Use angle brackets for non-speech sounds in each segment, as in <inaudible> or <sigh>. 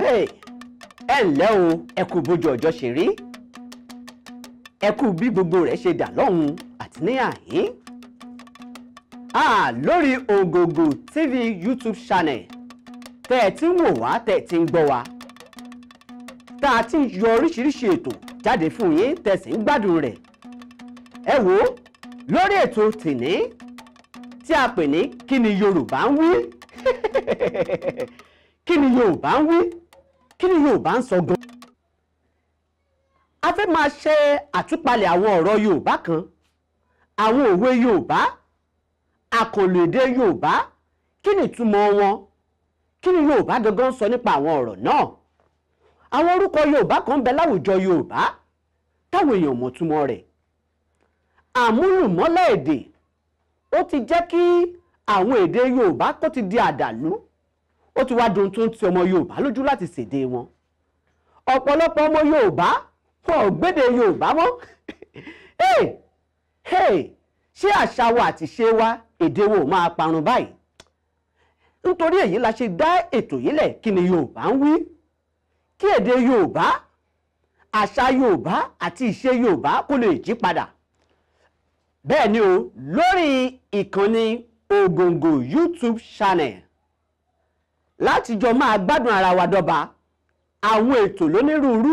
Hey, ǹlẹ́ o ẹ kú bójú ọjọ́ ṣe rí ẹ kú bí gbogbo rẹ̀ ṣe dà lọ́hùn àti ní àhín lórí Ògògò TV YouTube channel tẹ́ ẹ ti ń wò wá tẹ́ ẹ ti ń gbọ́ wá tá a ti ń yọ oríṣiríṣi ètò jáde fún yín tẹ̀sí ń gbádùn rẹ̀ ẹ wò ó lórí ètò tìní tí a pè ní kí ni Yorùbá ń wí <laughs> kí ni Yorùbá ń wí kí ni Yorùbá ń sọ gan. a fẹ́ máa ṣe àtúpalẹ̀ àwọn ọ̀rọ̀ Yorùbá kan àwọn òwe Yorùbá àkànlò èdè Yorùbá kí ni ìtumọ̀ wọn kí ni Yorùbá gangan sọ nípa àwọn ọ̀rọ̀ náà àwọn orúkọ Yorùbá kan bẹ láwùjọ Yorùbá táwọn èèyàn mọ̀ túmọ̀ rẹ̀ àmúlùmọ́lá èdè ó ti jẹ́ kí àwọn èdè Yorùbá kó ti di àdàlú ó ti wá dohun tó ń ti ọmọ Yorùbá lójú láti ṣèdè wọn ọ̀pọ̀lọpọ̀ ọmọ Yorùbá wọn ò gbédè Yorùbá mọ́ ṣé àṣà wa àti ṣe wa èdè wo máa parun báyìí nítorí èyí la ṣe dá ètò yìí lẹ̀ kí ni Yorùbá ń wí kí èdè Yorùbá àṣà Yorùbá àti ìṣe Yorùbá kó lè jí padà bẹ́ẹ̀ ni o lórí ìkànnì Ògòǹgò YouTube channel láti jọ máa gbádùn ara wa dọ́ba àwọn ètò lónírúurú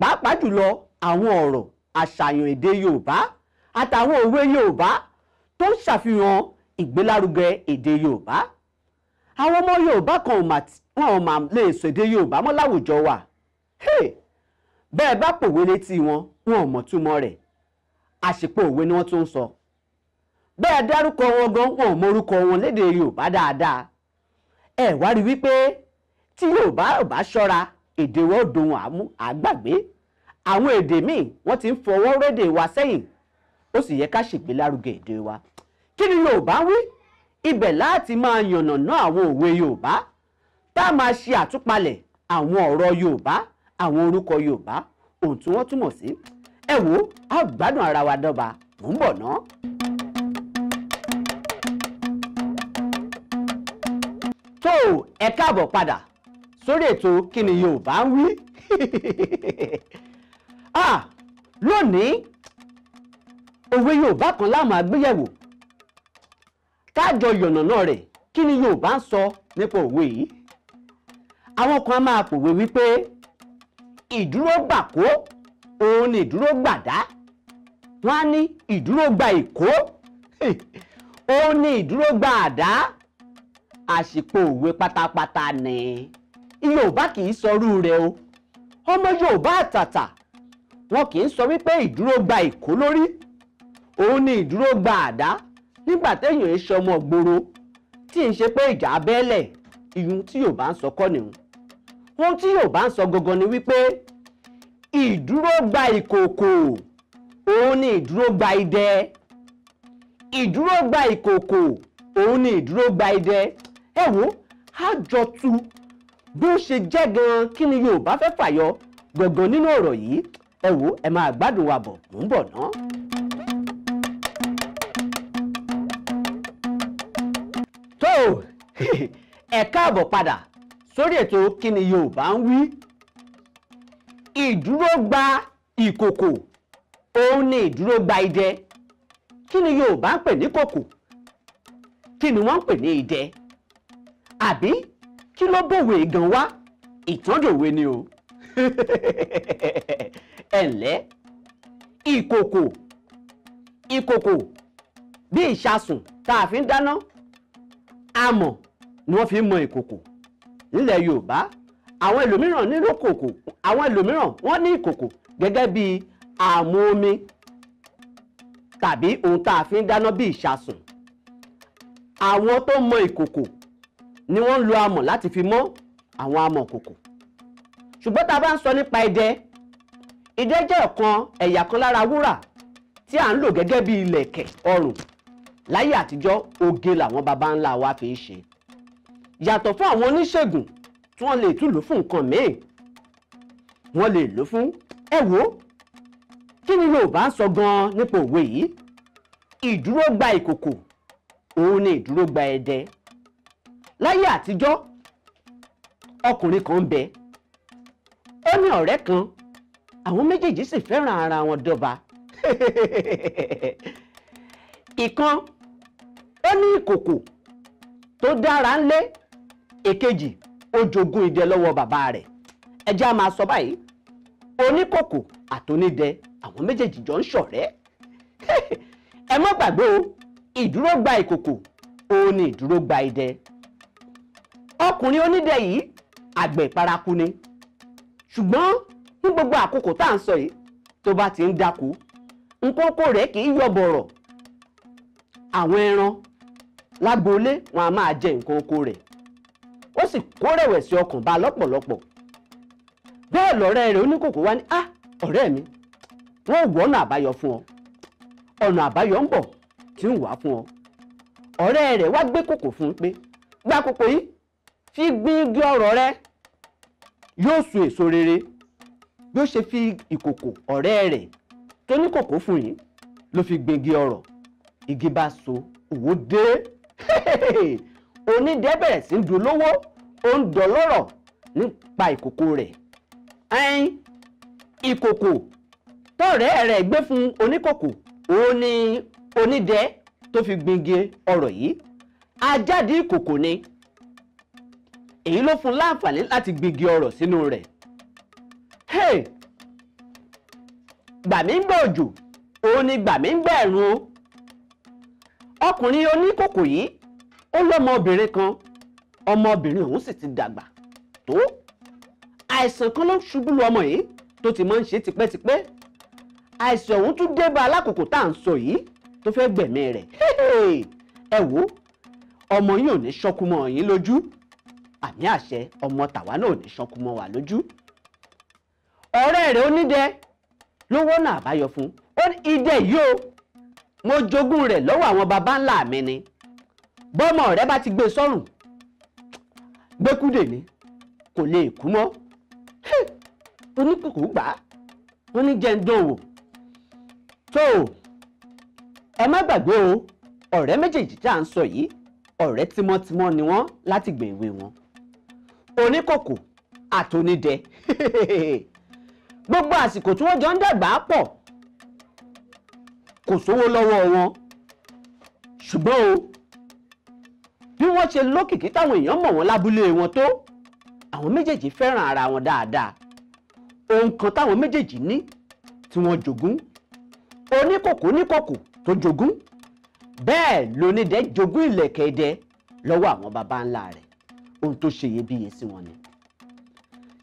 pàápàá jùlọ àwọn ọ̀rọ̀ àṣàyàn èdè Yorùbá àtàwọn òwe Yorùbá tó ń ṣàfihàn ìgbélárugẹ èdè Yorùbá àwọn ọmọ Yorùbá kan ò mà lè sọ èdè Yorùbá mọ́ láwùjọ wa bẹ́ẹ̀ bá pòwe létí wọn wọn ò mọ̀ túmọ̀ rẹ̀ àṣìpọ̀ òwe ni wọ́n tún ń sọ bẹ́ẹ̀ dárúkọ wọn gan wọn ò mọ orúkọ wọn lédè Yorùbá dáadáa ẹ wá rí wípé tí Yorùbá ò bá ṣọ́ra èdè wa ó dohun àmú àgbàgbé àwọn èdè míì wọ́n ti ń fọwọ́ rédè wa sẹ́yìn ó sì yẹ ká ṣègbélárugẹ èdè wa kí ni Yorùbá wí ibẹ̀ láti máa yànnàná àwọn òwe Yorùbá tá a máa ṣe àtúpalẹ̀ àwọn ọ̀rọ̀ Yorùbá àwọn orúkọ Yorùbá ohun tí wọ́n túmọ̀ sí ẹ wò á gbádùn ara wa dọ́ba mò ń bọ̀ ná. tó ẹ káàbọ̀ padà sórí ètò kíni Yorùbá ń wí <laughs> ah lónìí òwe Yorùbá kan la máa gbéyẹ̀wò káàjọ yọ̀nàná rẹ̀ kíni Yorùbá ń sọ nípa òwe yìí àwọn kan máa pòwe wípé ìdúró gbàkó òun ni ìdúró gbàdá wọn á ní ìdúró gba ìkó <laughs> òun ni ìdúró gba àdá àsìkò òwe pátápátá ni yorùbá kì í sọrú rẹ o ọmọ yorùbá àtàtà wọn kì í sọ wípé ìdúró gba ìkó lórí òun ni ìdúró gba àdá nígbà téèyàn ń ṣọmọ gbòòrò tí ń ṣe pé ìjà abẹ́lẹ̀ ìyún tí yorùbá ń sọ kọ́ nìhun ohun tí yorùbá ń sọ gangan ni wípé ìdúró gba ìkòkò òun ni ìdúró gba idẹ ìdúró gba ìkòkò òun ni ìdúró gba idẹ ẹ wò á jọ tu bí ó ṣe jẹ́ gan-an kí ni Yorùbá fẹ́ fàyọ gangan nínú ọ̀rọ̀ yìí ẹ wò ẹ máa gbádùn wa bọ̀ mò ń bọ̀ ná. tó ẹ káàbọ̀ padà sórí ètò kí ni Yorùbá ń wí ìdúró gba ìkòkò òun ni ìdúró gba idẹ kí ni Yorùbá ń pè ní kòkò kí ni wọ́n ń pè ní idẹ àbí kí ló bòwe gan wá ìtọ́jòwe ni o <laughs> ẹ̀lẹ́ ìkòkò ìkòkò bí ìṣasùn tá a fi ń dáná amọ̀ ni wọ́n fi ń mọ ìkòkò nílẹ̀ Yorùbá àwọn ẹlòmíràn nílò kòkò àwọn ẹlòmíràn wọ́n ní ìkòkò gẹ́gẹ́ bí àmú omi tàbí ohun tá a fi ń dáná bí ìṣasùn àwọn tó mọ ìkòkò ni wọ́n ń lo amọ̀ láti fi mọ́ àwọn amọ̀kòkò ṣùgbọ́n tá a bá ń sọ nípa idẹ idẹ jẹ́ ọ̀kan ẹ̀yà kan lára wúrà tí à ń lò gẹ́gẹ́ bí ilẹ̀kẹ̀ ọrùn láyé àtijọ́ oge làwọn baba ńlá wa fi ń ṣe yàtọ̀ fún àwọn oníṣègùn tí wọ́n lè tún lò fún nǹkan míì wọ́n lè lò fún ẹ wò kí ni Yorùbá ń sọ gan-an nípa òwe yìí ìdúró gba ìkòkò òun ni ìdúró gba ẹdẹ. E láyé àtijọ́ ọkùnrin kan ń bẹ ó ní ọ̀rẹ́ kan àwọn méjèèjì sì fẹ́ràn ara wọn dọ́ba <laughs> ìkan ó ní ìkòkò tó dára ńlé èkejì ó jogún idẹ lọ́wọ́ bàbá rẹ̀ ẹ jẹ́ máa sọ báyìí oníkòkò àtònídẹ àwọn méjèèjì jọ ń ṣọ̀rẹ́ <laughs> ẹ má gbàgbé o ìdúró gba ìkòkò òun ni ìdúró gba idẹ. ọkùnrin onídẹ yìí àgbẹ̀ paraku ni ṣùgbọ́n ní gbogbo àkókò tá à ń sọ yìí tó bá ti ń dáko nkókó rẹ̀ kì í yọ bọ̀rọ̀ àwọn ẹran lágboolé wọn a máa jẹ nǹkan rẹ̀ ó sì kó rẹ̀wẹ̀sì ọkàn lọ́pọ̀lọpọ̀ ah, mi wọ́n wọ ọ̀nà ọ ọ̀nà àbáyọ ń bọ̀ tí ń ọ ọ̀rẹ́ rẹ̀ wá gbé kòkò fún gba kòkò yìí fi gbin igi ọ̀rọ̀ rẹ yóò so èso rere bí ó ṣe fi ìkòkò ọ̀rẹ́ rẹ̀ tó ní kòkó fún yìí ló fi gbin igi ọ̀rọ̀ igi bá so òwò dé <laughs> onídẹ bẹ̀rẹ̀ sí ń dun lówó ó ń dọlọ́rọ̀ nípa ìkòkò rẹ̀ ẹyin ìkòkò tọ̀rẹ́ rẹ̀ gbé fún oníkòkò òun ni onídẹ tó fi gbin ọ̀rọ̀ yìí ajáde ìkòkò ni èyí ló fún láǹfààní láti gbígi ọ̀rọ̀ sínú rẹ̀. gbàmí ń gbọ́ òjò òun ni gbàmí ń gbẹ̀rún o ọkùnrin oníkòkò yìí ó lọ́mọbìnrin kan ọmọbìnrin ọ̀hún sì ti dàgbà tó àìsàn kan ló ń ṣubú lu ọmọ yìí tó ti máa ń ṣe tipẹ́tipẹ́ àìsàn ọ̀hún tún dé bá alákòókò tá à ń sọ yìí tó fẹ́ gbẹ̀mí rẹ̀ ẹ wò ọmọ yìí ò ní ṣọkú yín lójú àmì àṣẹ ọmọ tàwa náà ní sanku mọ́ wa lójú. ọ̀rẹ́ rẹ̀ onídẹ ló wọ́nà àbáyọ fún ó ní idẹ yìí o mo jogún rẹ̀ lọ́wọ́ àwọn baba ńlá mi ni bọ́mọ rẹ bá ti gbé e sọ́rùn gbẹ́kúdè ni kò lè kú mọ́ oníkòkò gbà á wọ́n ní jẹ́ tó o ẹ má gbàgbé o ọ̀rẹ́ méjèèjì tá à ń sọ yìí ọ̀rẹ́ tímọ́tímọ́ ni wọ́n láti gbèwe wọn oníkòkò àtònídẹ <laughs> gbogbo àsìkò tí wọ́n jọ ń dàgbà pọ̀ kò sówó lọ́wọ́ wọn ṣùgbọ́n o bí wọ́n ṣe lókìkí táwọn èèyàn mọ̀ wọ́n lábúlé wọn tó àwọn méjèèjì fẹ́ràn ara wọn dáadáa ohun kan táwọn méjèèjì ní tí wọ́n jogún oníkòkò níkòkò tó jogún bẹ́ẹ̀ lónídẹ jogún ìlẹ̀kẹ̀ ẹdẹ lọ́wọ́ àwọn baba ńlá rẹ̀ ohun tó ṣe iyebíye sí wọn ni.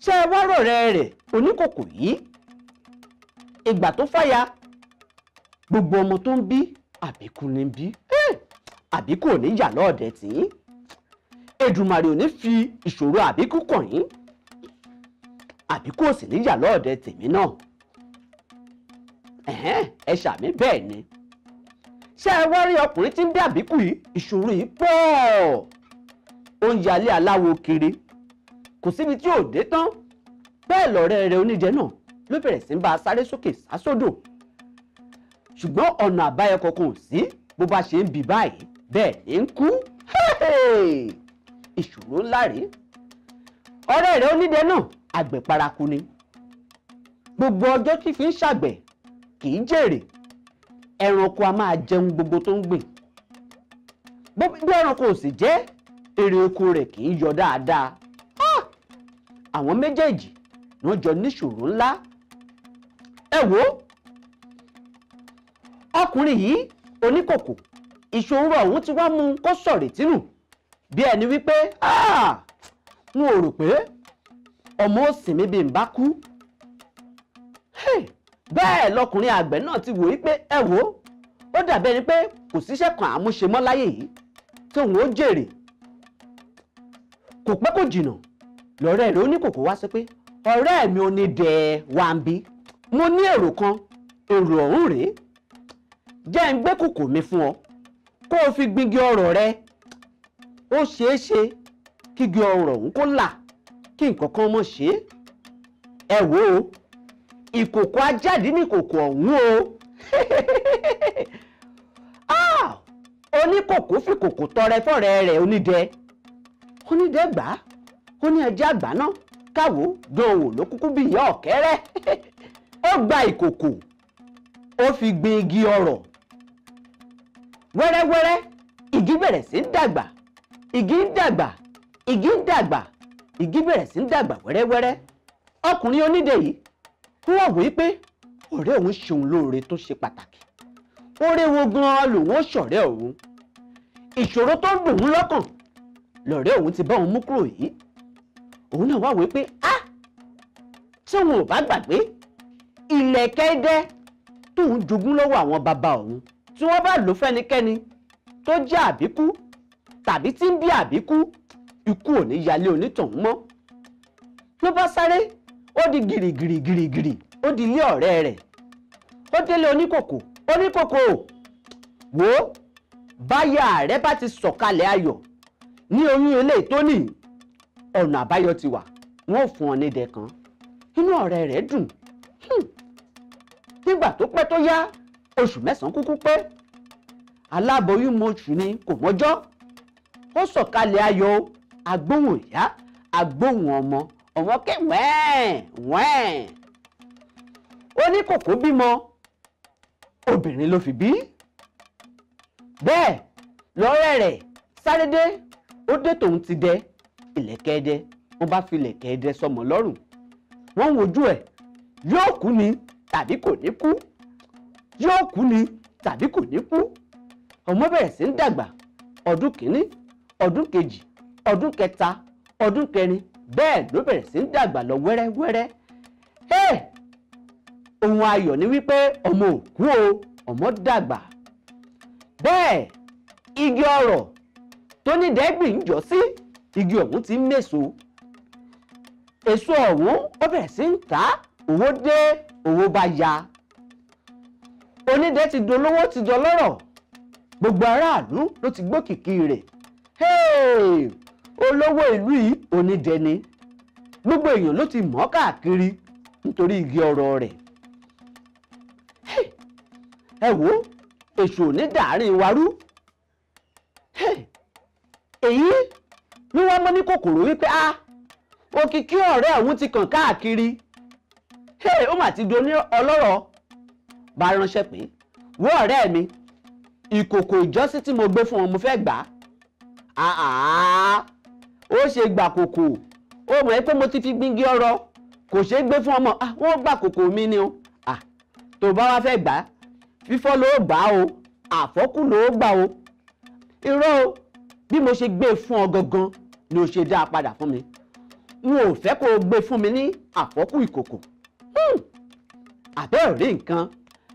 ṣé ẹ wá rọ̀rẹ́ rẹ̀ oníkòkò yìí ìgbà tó fàya gbogbo ọmọ tó ń bí àbíkú ni ń bí àbíkú ò ní yà lọ́ọ̀dẹ̀ tí Èdùmàrè ò ní fi ìṣòro àbíkú kàn yín àbíkú ò sì ní yà lọ́ọ̀dẹ̀ tèmi náà ẹ ṣàmì bẹ́ẹ̀ ni ṣé ẹ wá rí ọkùnrin tí ń bí àbíkú yìí ìṣòro yìí pọ̀ oúnjẹ alẹ́ aláwo kiri kò síbi tí ò dé tán bẹ́ẹ̀ lọ̀rẹ́ rẹ oníjẹ náà ló bẹ̀rẹ̀ sí ń bá a sáré sókè sásódò ṣùgbọ́n ọ̀nà àbáyọ kankan ò sí bó bá ṣe ń bì báyìí bẹ́ẹ̀ ni ń kú ìṣòro ńlá rèé ọ̀rẹ́ rẹ onídẹ náà àgbẹ̀ paraku ni gbogbo ọjọ́ tí fi ń ṣàgbẹ̀ kì í jèrè ẹranko a máa jẹun gbogbo tó ń gbìn bí ẹranko ò sì jẹ́ èrè oko rẹ̀ kì í yọ dáadáa àwọn méjèèjì wọ́n jọ níṣòro ńlá ẹ wò ó ọkùnrin yìí oníkòkò ìṣòro ọ̀hún ti wá mú un kó sọ̀rè tínú bí ẹni wípé n ò rò pé ọmọ ó sìn mí bí n bá kú bẹ́ẹ̀ lọkùnrin àgbẹ̀ náà ti wò wípé ẹ wò ó dàbí ẹni pé kò síṣẹ́ kan àmúṣe mọ́ láyé yìí tóun ó jèrè kò pẹ́ kò jìnnà lọ́rẹ́ rẹ̀ ó ní kòkó wá sí pé ọ̀rẹ́ mi ò ní dẹ̀ wá ń bí mo ní èrò kan èrò ọ̀hún rèé jẹ́ ń gbé kòkó mi fún ọ kó o fi gbígi ọ̀rọ̀ rẹ ó ṣeé ṣe kígi ọ̀rọ̀ ọ̀hún kó là kí nǹkan kan mọ̀ ṣe ẹ wò ìkòkò ajáde ní ìkòkò ọ̀hún o <laughs> oníkòkò fi kòkò tọrẹ fọ̀rẹ́ rẹ̀ onídẹ̀ẹ́ ó ní dẹ́gbà ó ní ẹjẹ́ àgbà náà káwo dánwò ló kúkú bí ìyá ọ̀kẹ́rẹ́ <laughs> ó gba ìkòkò ó fi gbin igi ọ̀rọ̀ wẹ́rẹ́wẹ́rẹ́ igi bẹ̀rẹ̀ sí ń dàgbà igi ń dàgbà igi ń dàgbà igi bẹ̀rẹ̀ sí ń dàgbà wẹ́rẹ́wẹ́rẹ́ ọkùnrin onídẹ yìí kú ọ̀wé pé ọ̀rẹ́ òun ṣeun lóore tó ṣe pàtàkì oore wo gan-an lòun ó ṣọ̀rẹ́ òun ìṣòro tó ń dùn ún lọ́kàn lọ̀rẹ́ òun ti bá òun mú kúrò yìí òun náà wá wí pé á tí òun ò bá gbàgbé ilẹ̀ kẹ́dẹ́ tóun jogún lọ́wọ́ àwọn bàbá òun tí wọ́n bá lò fẹ́nikẹ́ni tó jẹ́ àbíkú tàbí tí ń bí àbíkú ikú ò ní yalé onítọ̀hún mọ́ ló bá sáré ó di gìrìgìrìgìrìgìrì ó di ilé ọ̀rẹ́ rẹ̀ ó délé oníkòkò oníkòkò wò báyà rẹ bá ti sọ̀kalẹ̀ ayọ̀ ní oyún eléyìí tó ní ọ̀nà àbáyọ ti wà wọn ò fún ọ ní dẹ̀kan inú ọ̀rẹ́ rẹ̀ dùn hmm. nígbà tó pẹ́ tó yá oṣù mẹ́sàn-án kúkú pé aláboyún mọ̀ṣù ni kò mọ́jọ́ ó sọ̀kalẹ̀ ayọ̀ agbóhùn ìyá agbóhùn ọmọ ọmọ ké wẹ́ẹ̀ wẹ́ẹ̀ ó ní kòkó bímọ obìnrin ló fi bí bẹ́ẹ̀ lọ́rẹ́ rẹ̀ sáré dé ó dé tòun ti dẹ ìlẹ̀kẹ̀ dẹ wọ́n bá fi ìlẹ̀kẹ̀ dẹ sọmọ lọ́rùn wọ́n wojú ni tàbí kò ní kú yóò kú ni tàbí kò ní kú ọmọ bẹ̀rẹ̀ sí ń dàgbà ọdún kìíní ọdún kejì ọdún kẹta ọdún kẹrin bẹ́ẹ̀ ló si sí ń dàgbà lọ wẹ́rẹ́wẹ́rẹ́ ohun ayo ni wípé ọmọ òkú o ọmọ dàgbà bẹẹ igi oro. tó ní dẹ́gbì ń jọ sí igi ọ̀hún ti ń méso èso ọ̀hún ó bẹ̀rẹ̀ sí ń ta owó dé owó bá ya onídẹ ti dolówó ti dọlọ́rọ̀ gbogbo aráàlú ló ti gbókìkí rẹ̀ olówó ìlú yìí onídẹ ni gbogbo èèyàn ló ti mọ̀ káàkiri nítorí igi ọrọ̀ rẹ̀ ẹ wo èso onídàárín warú èyí ni wọ́n mọ́ ní kòkòrò wípé a ah, òkìkí ọ̀rẹ́ ọ̀hún ti kàn káàkiri ó mà ti do ní ọlọ́rọ̀ bá ránṣẹ́ pé wo ọ̀rẹ́ mi ìkòkò ìjọ́sí tí mo gbé fún ọ mo fẹ́ gbà á ó ṣe gbà kòkò ó mọ̀ pé mo ti fi gbingi ọrọ̀ kò ṣeé gbé fún ọmọ ah, wọ́n gbà kòkò mi ni o ah, tó bá wá fẹ́ gbà á fífọ́ ló gbà á o àfọ́kù ló gbà o irọ́ o bí mo ṣe gbé fún ọ gangan ni o ṣe dá a padà fún mi n ò fẹ́ kó o gbé fún mi ní àfọ́kù ìkòkò hmm. àbẹ́ ò rí nǹkan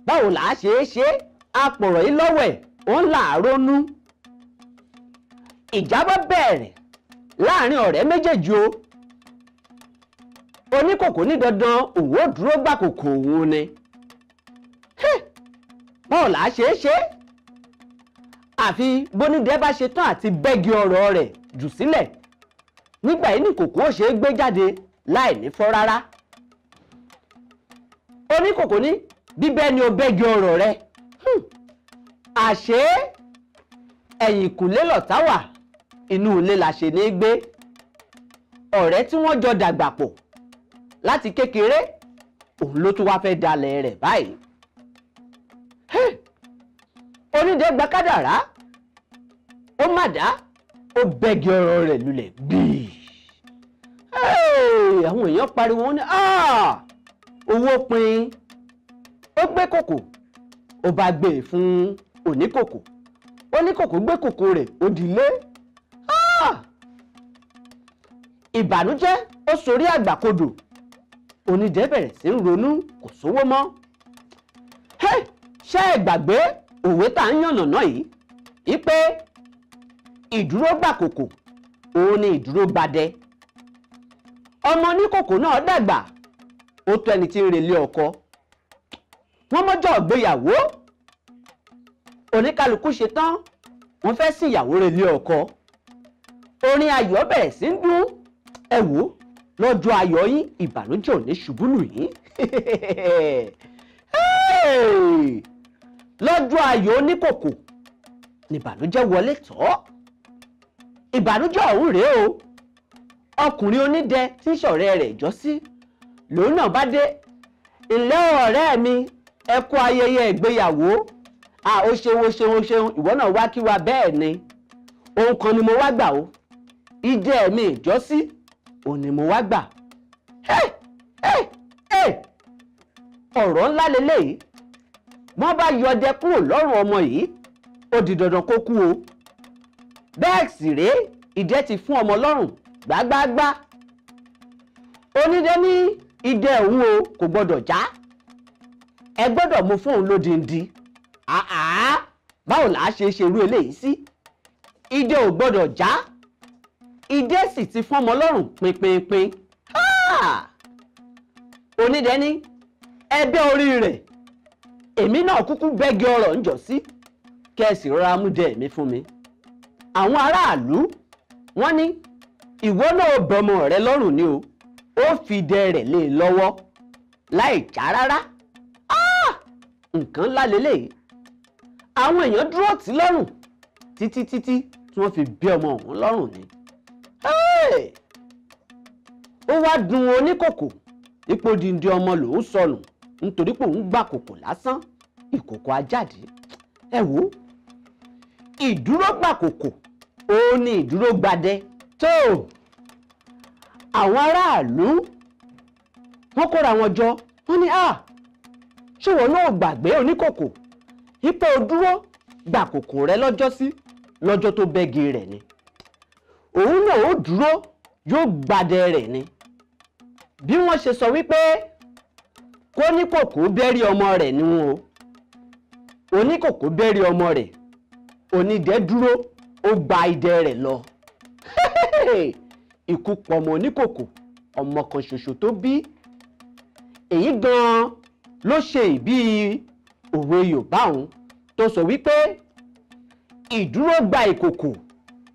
báwo là á ṣe é ṣe apọ̀rọ̀ yìí lọ́wọ́ ẹ̀ ó ń làárọ̀ nú ìjábọ̀ bẹ̀rẹ̀ láàrin ọ̀rẹ́ méjèèjì o oníkòkò ní dandan òwò dúró gbàkòkò òun ni báwo là àfi bónídẹ́ bá ṣe tán àti bẹ́gi ọ̀rọ̀ rẹ̀ jù sílẹ̀ nígbà yìí ni kòkó ṣe é gbé jáde láì ní fọ́ rárá oníkòkó ní bíbẹ́ ni o bẹ́gi ọ̀rọ̀ rẹ̀ hmm. àṣé ẹ̀yìnkùlé lọ̀tá wà inú ilé la ṣe ní gbé ọ̀rẹ́ tí wọ́n jọ dàgbà pọ̀ láti kékeré òun ló tún wá fẹ́ dalẹ̀ rẹ̀ báyìí onídẹ̀ẹ́gbà kádàrá ó má dá ó bẹ́gi ọ̀rọ̀ rẹ̀ lulẹ̀ bíi àwọn èèyàn pariwo wọn ni ah, owó pin ó gbé kòkò ó bá gbé e fún oníkòkò oníkòkò gbé kòkò rẹ̀ ó di lé ah! ìbànújẹ́ ó sorí àgbàkodò onídẹ bẹ̀rẹ̀ sí ń ronú kò sówó mọ́ ṣé ẹ gbàgbé òwe tá à ń yànnàná yìí yí pé ìdúró gbàkòkò òun ni ìdúró gbadẹ ọmọ oníkòkò náà dàgbà ó tó ẹni tí ń relé ọkọ wọ́n mọ́jọ́ ìgbéyàwó oníkálukú ṣetán wọ́n fẹ́ sí ìyàwó relé ọkọ orin ayọ̀ bẹ̀rẹ̀ sí ń dún ẹ wò lọ́jọ́ ayọ̀ yín ìbànújẹ́ ò ní ṣubú lù yín <laughs> lọ́jọ́ ayọ̀ oníkòkò nìbànújẹ́ wọlé tọ́ ìbànújẹ́ ọ̀hún rèé o ọkùnrin onídẹ tí sọ̀rẹ́ rẹ̀ jọ́sí lòun náà bá dé ǹlẹ́ ọ̀rẹ́ mi ẹ kú ayẹyẹ ìgbéyàwó à ó ṣeun ó ṣeun ó ṣeun ìwọ náà wá kí wa bẹ́ẹ̀ ni ohun kan ni mo wá gbà o idẹ mi ìjọ́sí òun ni mo wá gbà ọ̀rọ̀ ńlá leléyìí wọ́n bá yọdẹ kúrò lọ́rùn ọmọ yìí ó di dandan kó kú o bẹ́ẹ̀ sì rèé ìdẹ ti fún ọmọ lọ́rùn gbágbáágbá onídẹ ní ìdẹ òun o kò gbọdọ̀ já ẹ gbọ́dọ̀ mú fóun lódindi àá báwo là á ṣe ṣe irú eléyìí sí ìdẹ ò gbọdọ̀ já ìdẹ sì ti fún ọmọ lọ́rùn pinpinpin onídẹ ní ẹ̀bẹ̀ orí rẹ̀ èmi náà kúkú bẹ́gi ọ̀rọ̀ ń jọ sí kẹ́ ẹ sì rọra mú dẹ mi fún mi àwọn aráàlú wọ́n ní ìwọ náà bọmọ rẹ lọ́rùn ni o ó fi idẹ rẹ̀ lé e lọ́wọ́ láì já rárá ah! nǹkan ńlá lélẹ̀ àwọn èèyàn dúró tì lọ́rùn títí títí tí wọ́n fi bí ọmọ ọ̀hún lọ́rùn ni ó wá dùn oníkòkò ipò dìndì ọmọ lòún sọnù nítorí pé òun gbà kòkò lásán ìkòkò ajáde ẹ wò ó ìdúró gbàkòkò òun ni ìdúró gbadẹ tó àwọn aráàlú wọn kóra wọn jọ wọn ní à ah, ṣé wọn náà gbàgbé oníkòkò ipò dúró gbàkòkò rẹ lọ́jọ́ sí lọ́jọ́ tó bẹ́gi rẹ̀ ni òun náà ó dúró yóò gbadẹ rẹ̀ ni bí wọ́n ṣe sọ wípé kóníkòkò bẹ́rí ọmọ rẹ̀ ni wọn o oníkòkò bẹ́rí ọmọ rẹ̀ onídẹ dúró ó gba idẹ rẹ̀ lọ ikú pọmọ oníkòkò ọmọ kan ṣoṣo tó bí èyí gan-an ló ṣe ìbí òwe Yorùbá ọ̀hún tó sọ wípé ìdúró gba ìkòkò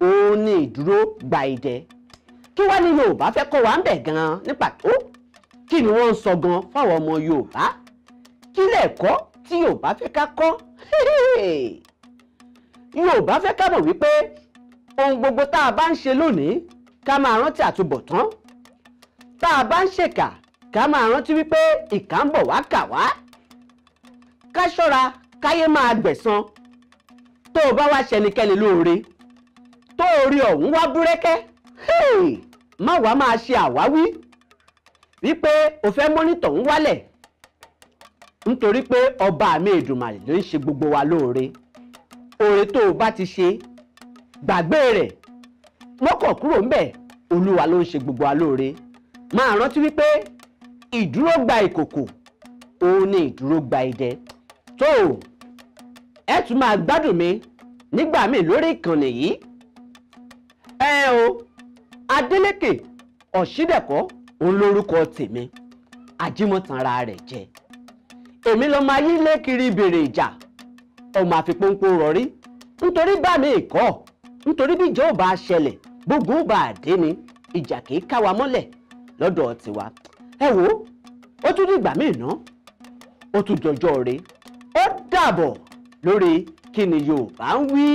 òun ni ìdúró gba idẹ kí wá ní Yorùbá fẹ́ kọ́ wa ń bẹ̀ gan-an ní pàtó kí ni wọ́n ń sọ gan fáwọn ọmọ Yorùbá kí lẹ̀kọ́ tí Yorùbá fẹ́ ká kọ́ yóò bá fẹ́ ká mọ̀ wípé ohun gbogbo tá a bá ń ṣe lónìí ká máa rántí àtúbọ̀tán tá a bá ń ṣèkà ká máa rántí wípé ìkà wá kà wá ká ṣọ́ra káyé máa gbẹ̀san tó o bá wá ṣẹnikẹ́ni lóore tó o rí ọ̀hún wá búrẹ́kẹ́ má wá máa ṣe àwáwí wípé o fẹ́ mọ́nítọ̀ ń wálẹ̀ nítorí pé ọba mi Èdùmàrè ló ń ṣe gbogbo wa lóore oore tó o bá ti ṣe gbàgbé rẹ̀ mọ́kàn kúrò ńbẹ̀ olúwa ló ń ṣe gbogbo alóore máa rántí wípé ìdúró gba ìkòkò òun ni ìdúró gba idẹ tó o ẹ tún máa gbádùn mi nígbà míì lórí ìkànnì yìí ẹ o Adélékè Ọ̀ṣídẹ̀kọ́ òun lórúkọ tèmi ajímọ̀tàn ara rẹ̀ jẹ èmi lọ́ọ́ máa yí lé kiri bèrè ìjà ọmọ àfipónpó rọrí nítorí bá mi kọ́ nítorí bí ìjọ ò bá ṣẹlẹ̀ gbogbo ò bá dé ni ìjà kì í ká wa mọ́lẹ̀ lọ́dọ̀ tiwa ẹ wo ó tún dìgbà míì ná ó tún dọjọ́ rẹ̀ ó dàbọ̀ lórí kí ni Yorùbá ń wí.